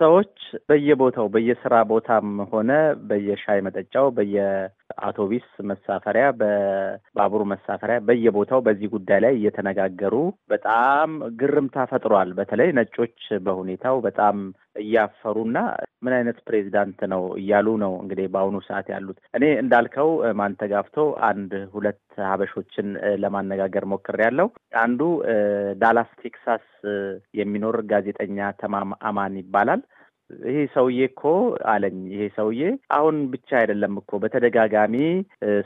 ሰዎች በየቦታው በየስራ ቦታም ሆነ በየሻይ መጠጫው በየአውቶቢስ መሳፈሪያ፣ በባቡር መሳፈሪያ በየቦታው በዚህ ጉዳይ ላይ እየተነጋገሩ በጣም ግርምታ ፈጥሯል። በተለይ ነጮች በሁኔታው በጣም እያፈሩና ምን አይነት ፕሬዚዳንት ነው እያሉ ነው እንግዲህ በአሁኑ ሰዓት ያሉት። እኔ እንዳልከው ማንተጋፍቶ አንድ ሁለት ሀበሾችን ለማነጋገር ያለው አንዱ ዳላስ ቴክሳስ የሚኖር ጋዜጠኛ ተማም አማን ይባላል። ይሄ ሰውዬ እኮ አለኝ። ይሄ ሰውዬ አሁን ብቻ አይደለም እኮ በተደጋጋሚ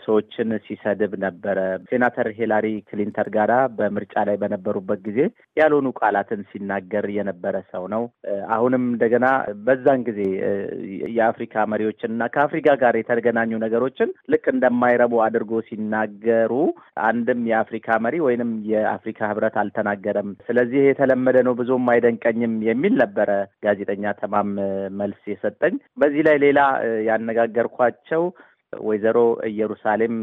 ሰዎችን ሲሰድብ ነበረ። ሴናተር ሂላሪ ክሊንተን ጋራ በምርጫ ላይ በነበሩበት ጊዜ ያልሆኑ ቃላትን ሲናገር የነበረ ሰው ነው። አሁንም እንደገና በዛን ጊዜ የአፍሪካ መሪዎችን እና ከአፍሪካ ጋር የተገናኙ ነገሮችን ልክ እንደማይረቡ አድርጎ ሲናገሩ አንድም የአፍሪካ መሪ ወይንም የአፍሪካ ህብረት አልተናገረም። ስለዚህ የተለመደ ነው ብዙም አይደንቀኝም የሚል ነበረ ጋዜጠኛ ተማም መልስ የሰጠኝ። በዚህ ላይ ሌላ ያነጋገርኳቸው ወይዘሮ ኢየሩሳሌም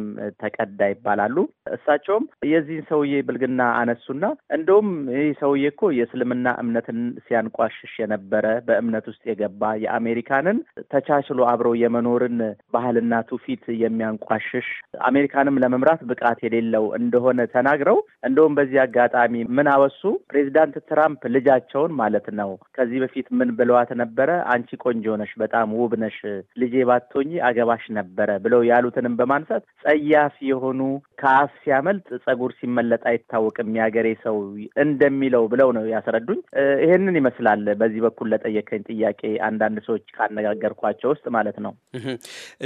ተቀዳ ይባላሉ። እሳቸውም የዚህን ሰውዬ ብልግና አነሱና እንደውም ይህ ሰውዬ እኮ የእስልምና እምነትን ሲያንቋሽሽ የነበረ በእምነት ውስጥ የገባ የአሜሪካንን ተቻችሎ አብረው የመኖርን ባህልና ትውፊት የሚያንቋሽሽ አሜሪካንም ለመምራት ብቃት የሌለው እንደሆነ ተናግረው እንደውም በዚህ አጋጣሚ ምን አወሱ? ፕሬዚዳንት ትራምፕ ልጃቸውን ማለት ነው ከዚህ በፊት ምን ብለዋት ነበረ? አንቺ ቆንጆ ነሽ፣ በጣም ውብ ነሽ፣ ልጄ ባቶኝ አገባሽ ነበረ ብለው ያሉትንም በማንሳት ጸያፍ የሆኑ ከአፍ ሲያመልጥ ጸጉር ሲመለጥ አይታወቅም የሀገሬ ሰው እንደሚለው ብለው ነው ያስረዱኝ። ይሄንን ይመስላል በዚህ በኩል ለጠየከኝ ጥያቄ አንዳንድ ሰዎች ካነጋገርኳቸው ውስጥ ማለት ነው።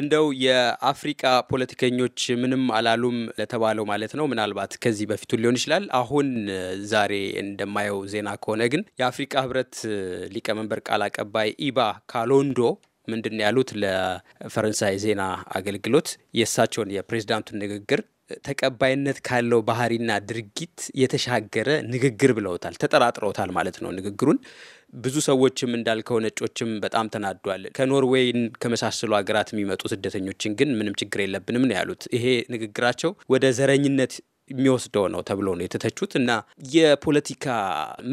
እንደው የአፍሪቃ ፖለቲከኞች ምንም አላሉም ለተባለው ማለት ነው ምናልባት ከዚህ በፊቱ ሊሆን ይችላል። አሁን ዛሬ እንደማየው ዜና ከሆነ ግን የአፍሪቃ ህብረት ሊቀመንበር ቃል አቀባይ ኢባ ካሎንዶ ምንድን ያሉት ለፈረንሳይ ዜና አገልግሎት የእሳቸውን የፕሬዚዳንቱን ንግግር ተቀባይነት ካለው ባህሪና ድርጊት የተሻገረ ንግግር ብለውታል። ተጠራጥረውታል ማለት ነው ንግግሩን። ብዙ ሰዎችም እንዳልከው ነጮችም በጣም ተናዷል። ከኖርዌይን ከመሳሰሉ ሀገራት የሚመጡ ስደተኞችን ግን ምንም ችግር የለብንም ነው ያሉት። ይሄ ንግግራቸው ወደ ዘረኝነት የሚወስደው ነው ተብሎ ነው የተተቹት እና የፖለቲካ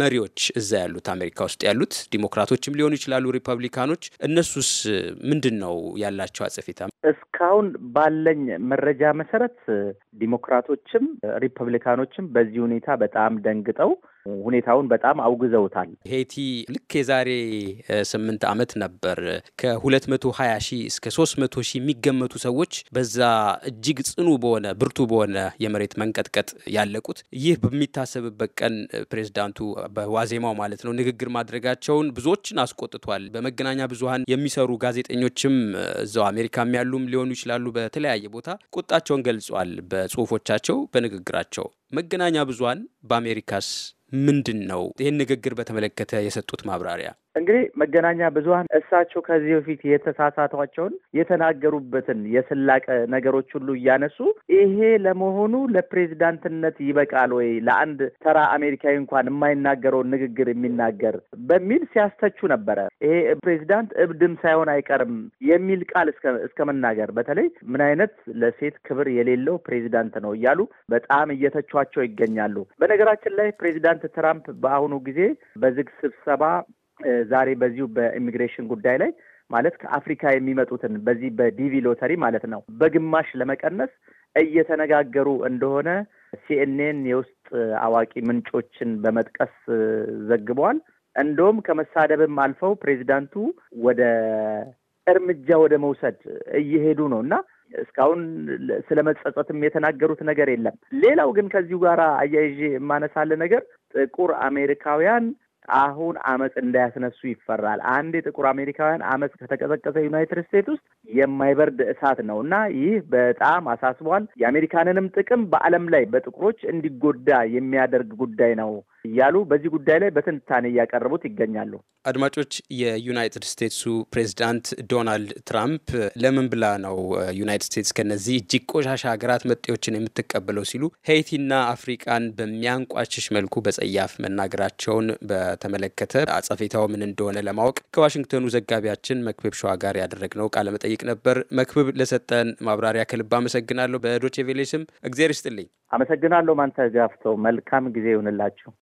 መሪዎች እዛ ያሉት አሜሪካ ውስጥ ያሉት ዲሞክራቶችም ሊሆኑ ይችላሉ፣ ሪፐብሊካኖች፣ እነሱስ ምንድን ነው ያላቸው አጽፌታ? እስካሁን ባለኝ መረጃ መሰረት ዲሞክራቶችም ሪፐብሊካኖችም በዚህ ሁኔታ በጣም ደንግጠው ሁኔታውን በጣም አውግዘውታል። ሄቲ ልክ የዛሬ ስምንት ዓመት ነበር ከ 220 ሺህ እስከ 3 መቶ ሺህ የሚገመቱ ሰዎች በዛ እጅግ ጽኑ በሆነ ብርቱ በሆነ የመሬት መንቀጥቀጥ ያለቁት። ይህ በሚታሰብበት ቀን ፕሬዚዳንቱ በዋዜማው ማለት ነው ንግግር ማድረጋቸውን ብዙዎችን አስቆጥቷል። በመገናኛ ብዙሀን የሚሰሩ ጋዜጠኞችም እዛው አሜሪካም ያሉም ሊሆኑ ይችላሉ። በተለያየ ቦታ ቁጣቸውን ገልጿል። በጽሁፎቻቸው፣ በንግግራቸው መገናኛ ብዙሀን በአሜሪካስ ምንድን ነው? ይህን ንግግር በተመለከተ የሰጡት ማብራሪያ እንግዲህ መገናኛ ብዙሀን እሳቸው ከዚህ በፊት የተሳሳቷቸውን የተናገሩበትን የስላቅ ነገሮች ሁሉ እያነሱ ይሄ ለመሆኑ ለፕሬዚዳንትነት ይበቃል ወይ ለአንድ ተራ አሜሪካዊ እንኳን የማይናገረውን ንግግር የሚናገር በሚል ሲያስተቹ ነበረ። ይሄ ፕሬዚዳንት እብድም ሳይሆን አይቀርም የሚል ቃል እስከ መናገር በተለይ ምን አይነት ለሴት ክብር የሌለው ፕሬዚዳንት ነው እያሉ በጣም እየተቿቸው ይገኛሉ። በነገራችን ላይ ፕሬዚዳንት ትራምፕ በአሁኑ ጊዜ በዝግ ስብሰባ ዛሬ በዚሁ በኢሚግሬሽን ጉዳይ ላይ ማለት ከአፍሪካ የሚመጡትን በዚህ በዲቪ ሎተሪ ማለት ነው በግማሽ ለመቀነስ እየተነጋገሩ እንደሆነ ሲኤንኤን የውስጥ አዋቂ ምንጮችን በመጥቀስ ዘግበዋል። እንደውም ከመሳደብም አልፈው ፕሬዚዳንቱ ወደ እርምጃ ወደ መውሰድ እየሄዱ ነው እና እስካሁን ስለ መጸጸትም የተናገሩት ነገር የለም። ሌላው ግን ከዚሁ ጋር አያይዤ የማነሳለ ነገር ጥቁር አሜሪካውያን አሁን አመፅ እንዳያስነሱ ይፈራል። አንድ የጥቁር አሜሪካውያን አመፅ ከተቀሰቀሰ ዩናይትድ ስቴትስ ውስጥ የማይበርድ እሳት ነው እና ይህ በጣም አሳስቧል። የአሜሪካንንም ጥቅም በዓለም ላይ በጥቁሮች እንዲጎዳ የሚያደርግ ጉዳይ ነው እያሉ በዚህ ጉዳይ ላይ በትንታኔ እያቀረቡት ይገኛሉ። አድማጮች፣ የዩናይትድ ስቴትሱ ፕሬዚዳንት ዶናልድ ትራምፕ ለምን ብላ ነው ዩናይትድ ስቴትስ ከነዚህ እጅግ ቆሻሻ ሀገራት መጤዎችን የምትቀበለው ሲሉ ሄይቲና አፍሪቃን በሚያንቋሽሽ መልኩ በጸያፍ መናገራቸውን በተመለከተ አጸፌታው ምን እንደሆነ ለማወቅ ከዋሽንግተኑ ዘጋቢያችን መክብብ ሸዋ ጋር ያደረግነው ቃለመጠይቅ ነበር። መክብብ ለሰጠን ማብራሪያ ከልብ አመሰግናለሁ። በዶቼ ቬሌ ስም እግዜር ይስጥልኝ። አመሰግናለሁ። ማንተጋፍተው መልካም ጊዜ ይሁንላችሁ።